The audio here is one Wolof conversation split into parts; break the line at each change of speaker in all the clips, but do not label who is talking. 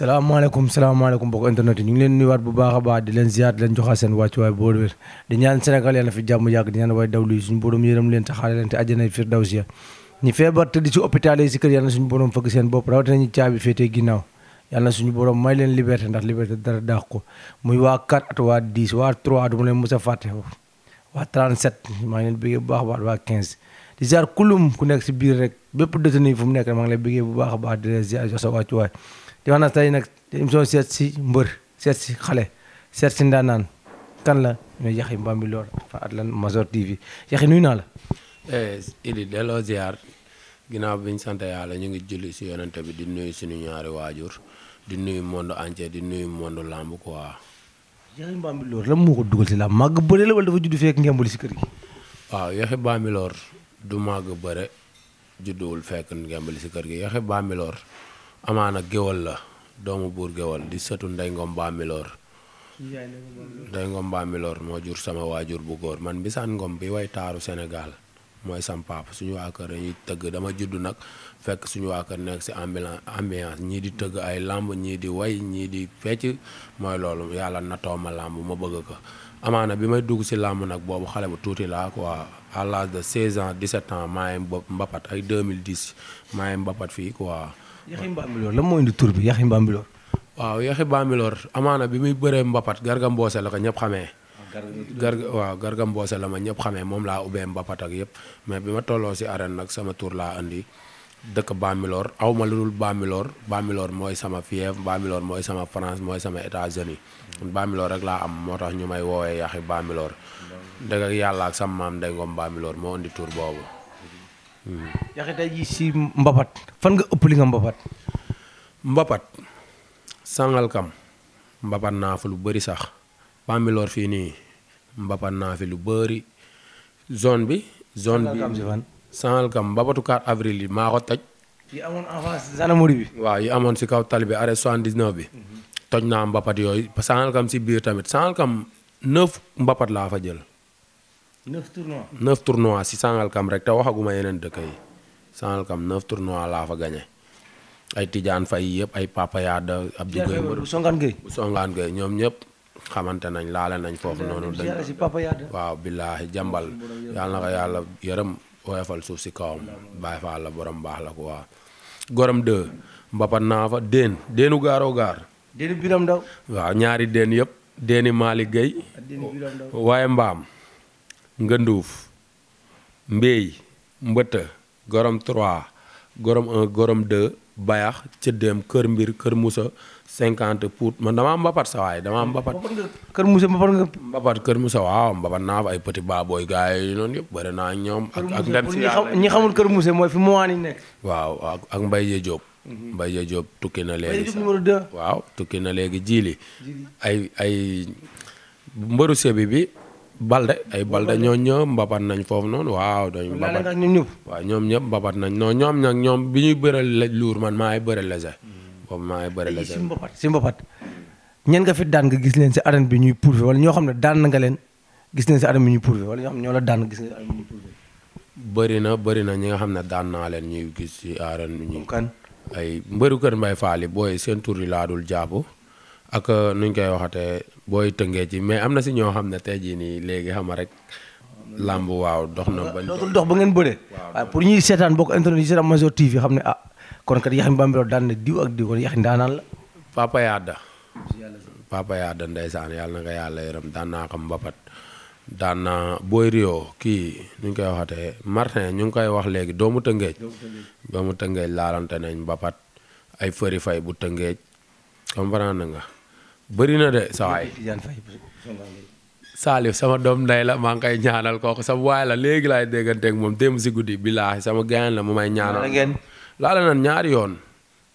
salaamaaleykum salaamaaleykum mbokk internet yi ñu ngi leen nuyuwaat bu baax baax di leen ziar di leen joxaat seen wàccuwaay boo wér di ñaan Sénégal yàlla fi jàmm yàgg di ñaan waay leen te ma leen mos a waa bu baax baax waa 15 di ziar ku nekk si biir rek bépp détenu fu mu nekk maa ngi leen bëggee bu baax a baax di leen ziar jox sa wàccuwaay di wax na tey nag émission seet si mbër seet si xale seet si ndaanaan kan la ñooy Yaxi Bambilor fa Atlan Major nuyu naa la.
Eh, Idi delloo ziar ginnaaw bi ñu yàlla ñu ngi julli si yonante bi di nuyu suñu ñaari waajur di nuyu monde entier di nuyu monde làmb quoi. Yaxi Bambilor
lan moo ko dugal si làmb màgg bëre la wala dafa juddu fekk ngembali si kër gi.
waaw Yaxi Bambilor du màgg bëre judduwul fekk ngembali si kër gi Yaxi Bambilor. amaana géwal la doomu buur géwal di sëtu Ndeye Ngom Ba Milor Ndeye Ngom Ba Milor moo jur sama waajur bu góor man Mbissane Ngom bi way taaru Sénégal mooy sam suñu waa kër dañuy tëgg dama judd nag fekk suñu waa kër nekk si ambiance ñii di tëgg ay làmb ñii di way ñii di fecc mooy loolu yàlla natoo ma làmb ma bëgg ko amaana bi may dugg si làmb nag boobu xale bu tuuti laa ko à l'âge de 16 ans 17 ans maa ngi mbapat ay 2010 maa ngi fii quoi yaxi Bambilor lan
moo indi tur bi yaxi Bambilor.
waaw yaxi Bambilor amaana bi muy bëree Mbapat Garga Mbossé la ko ñëpp xamee. garga waaw Garga Mbossé la ma ñëpp xamee moom laa ubbee Mbapat ak yëpp mais bi ma tolloo si arène nag sama tuur laa andi dëkk Bambilor aw ma lu dul Bambilor Bambilor mooy sama fief Bambilor mooy sama France mooy sama États-Unis Bambilor rek laa am moo tax ñu may woowee yaxi Bambilor. dëgg ak yàlla ak sama maam Ndeye Ngom Bambilor moo indi tur boobu.
jaxe tey mbapat fan nga ëpp li nga mbapat
mbapat Sangalkam mbapat naa fa lu bari sax Bambilor fii nii mbapat naa fi lu bari zone bi zone bi Sangalkam mbapatu 4 avril yi maa ko toj
yi amoon avance
waaw yi amoon si kaw tali bi arrêt 79 bi mhm. toj naa mbapat yooyu Sangalkam si biir tamit Sangalkam neuf mbapat laa fa jël neuf tournois neuf tournois si Sangalkam rek te waxaguma yeneen dëkk yi Sangalkam neuf tournois laa fa gañe ay fa Faye yëpp ay Papa Yada Abdou Gueye bu Songaan Gueye ñoom ñëpp xamante nañ laale nañ foofu noonu dañ waaw billaahi jàmbal yàlla na ko yàlla yërëm oyofal suuf si kawam bàyyi fa la borom baax la ko waaw gorom 2 mbapat naa fa déen déenu gaaroo gaar waaw ñaari déen yëpp déeni Malick Gueye waaye mbaam ngënduuf mbéy mbëtë gorom 3 gorom 1 bayax cëddeem kër mbir kër musa 50 pour man dama mbapat sa waay damaa mbapat kër musa kër musa waaw mbapat naa fa ay petit baabooy gars yi noonu yëpp bëri naa ñoom ak ak dem si ñi xamul kër musa mooy fi mu waani nekk waaw ak ak mbay jee mhm. mbay jee tukki na léegi waaw tukki na léegi jiili ay ay mbëru sebi bi Balde ay Balde ñoo ñëpp mbapat nañ foofu noonu waaw. dañu mbapat waaw ñoom ñëpp mbapat nañ non ñoom nag ñoom bi ñuy bëre luur man maa ngi bëre lese. Hmm. boobu maa ngi bëre lese. si mbapat
si mbapat ñan nga fi daan nga gis leen si arène bi ñuy pourvu wala ñoo xam ne daan na nga leen gis leen si arène bi ñuy pourvu wala ñoo xam ne ñoo la daan gis leen si arène bi ñuy pourvu.
bëri na bëri na ñi nga xam ne daan naa leen ñuy gis si arène bi ñuy. kan ay mbëru kër Mbaye Fall yi booy seen tur yi laa dul jaabu ak euh, nuñ koy waxatee booy tëngee ci mais am na si ñoo xam ne tey jii nii léegi xam rek. làmb waaw dox na bañ. dox ba ngeen bëree.
waaw pour ñuy seetaan bokk internet yi seetaan Major xam ne ah kon kat Yaxin Bambilor daan na diw ak diw la.
Papa Yada. Papa Yada ndeysaan yàlla nga yàlla yaram daan naa xam mbapat daan naa booy Rio kii nu ñu koy waxatee Martin ñu ngi koy wax léegi doomu Tëngéej. doomu Tëngéej laalante nañ mbapat ay fëri fay bu Tëngéej comprendre nga. bëri na de sa waay Salif sama doom ndey la maa ngi koy ñaanal kooku sam waay la léegi laay dégganteeg moom démb si guddi billaahi sama gaañ la mu may ñaanal laala nan ñaari yoon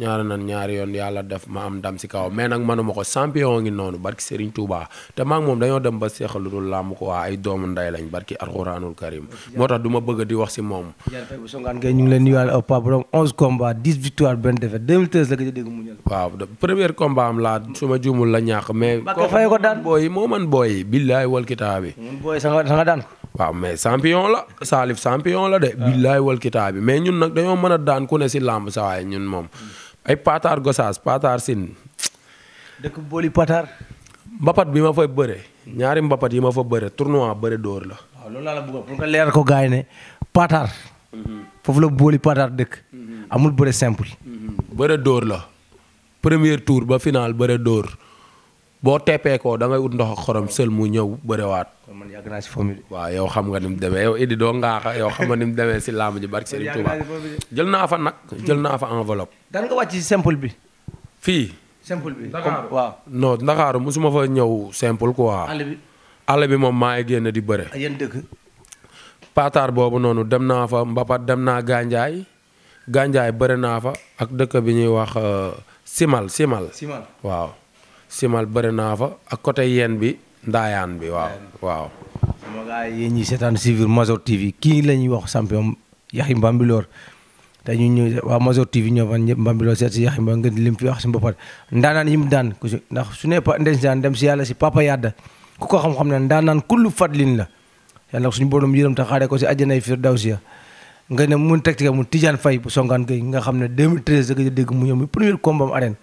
ñaari nan ñaari yoon yàlla def ma am ndam si kaw mais nag manuma ko champion ngi noonu barki Serigne Touba te maak moom dañoo dem ba seexal lu dul làmb ko waa ay doomu nday lañ barki alxuraanul karim moo tax duma ma bëgg di wax si moom. bu
songaan ngay ñu ngi leen nuyuwaale Pape Borom 11 combats 10 victoires la
am laa su ma juumul la ñàkk mais. Mbacke Faye ko daan booy moo man booy billaay wal kitaabi. booy sa sa nga waaw mais champion la Salif champion la de. waaw billaay wal kitaabi mais ñun nag dañoo mën a daan ku ne si làmb saa waaye ñun moom. ay Pataar Gosaas Pataar Sine. dëkk booli Pataar. mbapat bi ma fa bëre ñaari mbapat yi ma fa bëre tournoi bëre dóor la. waaw loolu laa la bëgg leeral ko gars
yi ne Pataar. Mhm. foofu la booli Pataar dëkk. Mhm. amul bëre simple.
Mhm. bëre dóor la. premier tour ba final bëre dóor. boo teppee ko da ut ndox ak xorom sël mu ñëw bëriwaat. kon man yàgg naa si yow xam nga ni mu demee yow Idi doo ngaaxa yow xam nga ni mu demee si làmb ji barke Serigne Touba jël naa fa nag jël naa fa enveloppe. daan nga wàcc si simple bi. fii. simple bi waaw. mosuma fa ñëw simple quoi. àll bi bi moom maa ngi génn di bëre. ak yéen dëkk. boobu noonu dem naa fa Mbapat dem naa Gandiaye Gandiaye bëri naa fa ak dëkk bi ñuy wax euh, Simal Simal. Simal waaw. simal bëri naa fa ak côté yeen bi ndaayaan bi waaw waaw
sama gars yi yéen ñi seetaan suivre Major TV kii la ñuy wax champion Yaxi Bambilor te ñu ñëw waa Major TV ñoo fan ñëpp Bambilor seet si Yaxi ba nga wax si boppam ndaanaan yi mu daan ku si ndax su nee pa ndeysaan dem si yàlla si papa yadda ku ko xam-xam ne ndaanaan kullu fadlin la yàlla suñu borom yërëm te xaaree ko si àjjanay firdawsi nga ne mun teg mu Tidiane Faye bu songaan gay nga xam ne 2013 da nga dégg mu ñëw mi premier combat am arène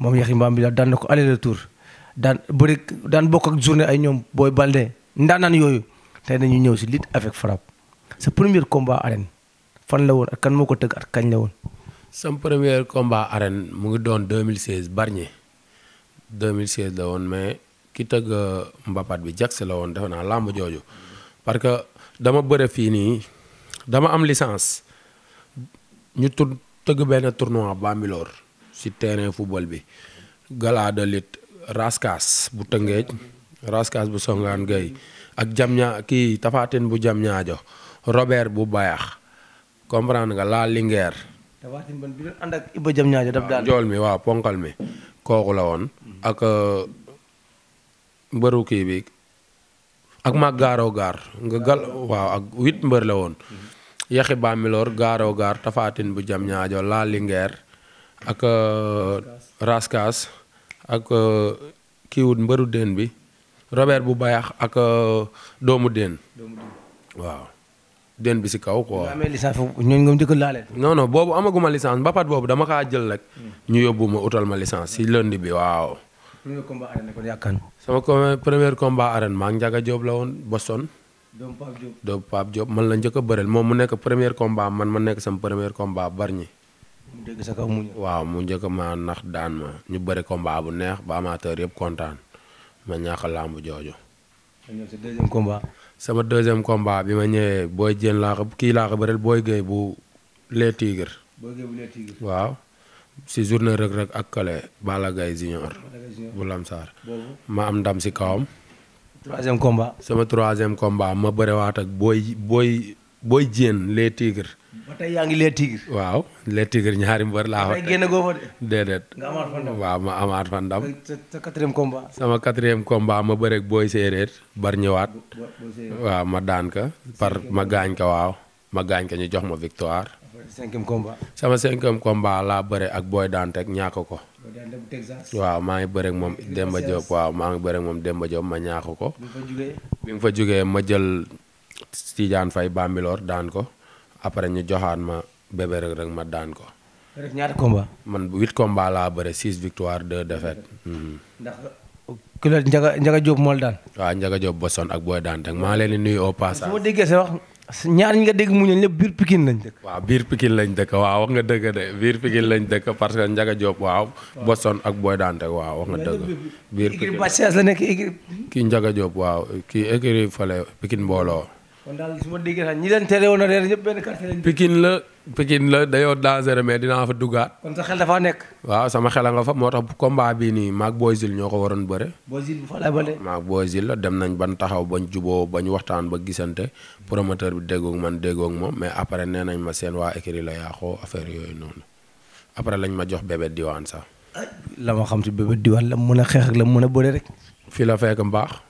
moom Yaxin Bambila daan na ko aller tour daan bëri daan bokk ak journée ay ñoom Boy Balde ndaanaan yooyu tey dañuy ñëw si lutte avec frappe sa premier combat arène fan la woon ak kan moo ko tëgg at kañ la woon.
sam premier combat arène mu ngi doon 2016 barñe 2016 la woon mais ki tëgg euh, mbapat bi jagsi la woon defe naa làmb jooju parce que dama bëre fii nii dama am licence ñu tur tëgg benn tournoi Bambilor ci terrain football bi gala de bu Tëngéej Raskas bu Songane Gueye ak jam kii Tafatine bu jamñaajo ñaajo bu Bayax comprendre nga laa Linguère.
Tafatine ban bi
mi waaw ponkal mi kooku la woon. ak euh, mbëru kii bi ak mag gaaroo gaar nga gal waaw ak huit mbër la woon. Mhm. yaxi bàmmiloor gaaroo gaar Tafatine bu jam ñaajo laa Linguère. ak euh, Raskas ak euh, kiiwut mbëru déen bi Robert bu bayax ak euh, doomu déen waaw déen bi si kaw quoi. nga amee licence foofu ñooñu nga njëkk laale. non non boobu amaguma licence mbapat boobu dama kaa jël rek. Hmm. ñu yóbbu ma utal ma licence si lundi bi waaw.
premier combat arène
sama premier combat arène maa Ndiaga Diop la woon Boston. doomu Pape Diop man la njëkk a moom mu nekk premier combat man ma nekk sama premier combat ñi waaw mu njëkk ma nax daan ma ñu bëri combat bu neex ba amateur yëpp kontaan ma ñàkk làmb jooju. sa sama deuxième combat bi ma ñëwee booy jën laa kii laa ko booy géey bu les tigres. booy waaw si journée rek rek ak kale bala Gaye Junior bu Lamsaar. ma am ndam si kawam. troisième sama troisième combat ma bëriwaat ak booy booy booy jën les tigres. yaa ngi les tigres. waaw les tigres ñaari mbër laa fa. tey génn goo waaw ma amaat fa ndam. sama quatrième komba ma bëreeg booy séeréer bar ñëwaat. waaw ma daan ka par ma gaañ ka waaw ma gaañ ka ñu jox ma victoire. cinquième sama cinquième combat laa bëre ak booy daan teg ñàkk ko. waaw maa ngi bëreeg moom Demba Diop waaw maa ngi bëreeg moom Demba Diop ma ñàkk ko. bi nga fa jugee ma jël Tidiane Faye Bambilor daan ko. après ñu joxaat ma bébé rek ma daan ko. rek man huit combat laa bëre six victoire deux défaites. Mhm. ndax ku la Ndiaga Ndiaga Diop moo la daan. waaw ak booy daan teg maa leen di nuyu au ma déggee
sa wax ñaar ñi nga dégg mu ñëw ñëpp biir Pikine lañ dëkk. waaw
biir Pikine lañ dëkk waa wax nga dëgg biir Pikine lañ dëkk parce que Ndiaga waaw. boson ak booy daan teg wax nga dëgg. la nekk kii Ndiaga Diop waaw kii écurie fële Pikine mbooloo.
kon daal ma déggee
ñi leen tere woon a reer ñëpp benn quartier la Pikine la dayoo dangereux mais dinaa fa duggaat. kon sa xel dafa nekk. waaw sama xel nga fa moo tax combat bii nii maag Boysil ñoo ko waroon bëre. Boysil bu fa la dem nañ ban taxaw bañ juboo bañ waxtaan ba gisante promoteur bi déggoog man déggoog moom mais après nee nañ ma seen waa écrit la xoo affaire yooyu noonu après lañ ma jox bébé diwaan sax. la ma xam si bébé diwaan la mu mën a xeex la mu mën a bëre rek. fii la fekk mbaax.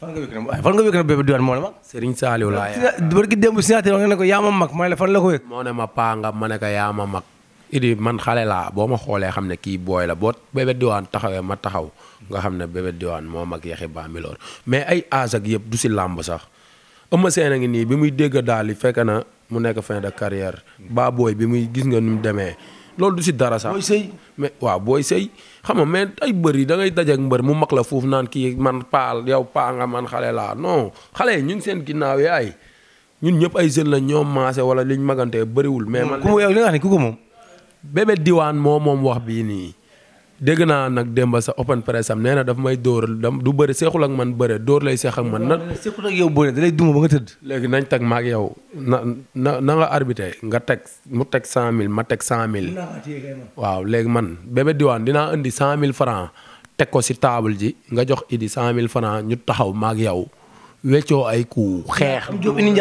fan nga wékk na fan
moo ne ma. Serigne Saliou laa yaa. barki démb signature nga ne ko yaa ma mag ma ne la fan la ko wékk. moo ne ma paa nga ma ne ko yaa ma mag. idi man xale laa boo ma xoolee xam ne kii booy la boo bébé diwaan taxawee ma taxaw nga xam ne bébé diwaan moo mag yaxi Bambilor mais ay aas ak du si làmb sax Eumeu seen a ngi nii bi muy dégg daal li fekke na mu nekk fin de baa booy bi muy gis nga nu mu demee. loolu du si dara sax. booy sëy waaw booy sëy xam nga mais ay mbër yi da ngay dajeeg mbër mu mag la foofu naan kii man paal yow paa nga man xale laa non xale yi ñun seen ginnaaw yaay ñun ñëpp ay jeunes la ñoom maase wala liñ magantee bëriwul. mais man ku yow ko moom. bébé diwaan moo moom wax bii nii. dégg naa nag démba sa open press am nee na daf may dóor dam du bëri seexul ak man bëre dóor lay seex ak man. nan seexul ak yow bëre da lay duma léegi nañ teg ma yow na na na nga nga teg mu teg cent mille ma teg cent mille. waaw léegi man Bébé Diwane dinaa indi cent mille franc teg ko si table ji nga jox idi cent mille franc ñu taxaw ma ak yow weccoo ay ku xeex. Diop indi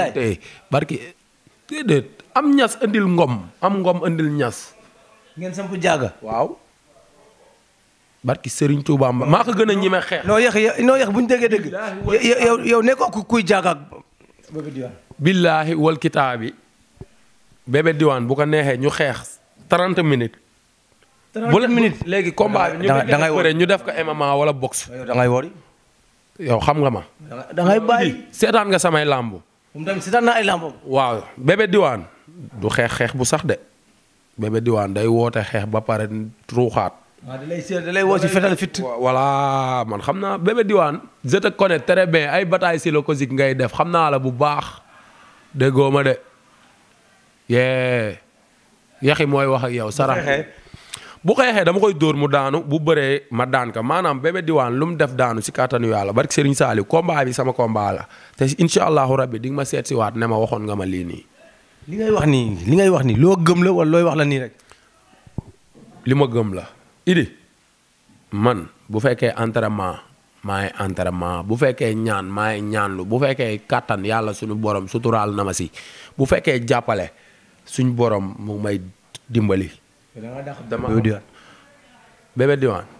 Ndiaye am ñas indil ngoom am ngoom indil ñas. barki Serigne Touba Mba maa ko gën a ñime xeex. noo yéex
noo yéex bu ñu déggee dëgg. yow yow nekkoo kuy jaagaag. bébé diwaan.
billaahi wal kitaabi diwaan bu ko neexee ñu xeex 30 minutes. 30 minutes bu léegi combat bi. da ñu def ko MMA wala boxe. dangay ngay wóor yow xam nga ma. da ngay bàyyi seetaan nga samay làmb. moom tamit seetaan naa waaw bébé diwaan du xeex xeex bu sax de bébé diwaan day woote xeex ba pare ruuxaat. waaw da lay seet da woo ci fetal fit. voilà man xam naa bébé diwaan. je te connais très bien ay bataille sylocosique ngay def xam naa la bu baax. déggoo ma de. yee yaxi mooy wax ak yow. sarax bu xeexee dama koy dóor mu daanu bu bëree ma daan ka maanaam bébé diwaan lu mu def daanu si kattanu yàlla barki Serigne Saliou combat bi sama kombaa la te incha allahu rabbi di nga ma seet si waat ne ma waxoon nga ma lii nii. li ngay wax nii li ngay wax nii loo gëm la wala looy wax la nii rek. li ma gëm la. idi man bu fekkee entraînement maay entraînement bu fekkee ñaan maay ñaanlu bu fekkee kàttan yàlla suñu borom suturaal na ma si bu fekkee jàppale suñu borom mu may dimbali. dama bébé diwaan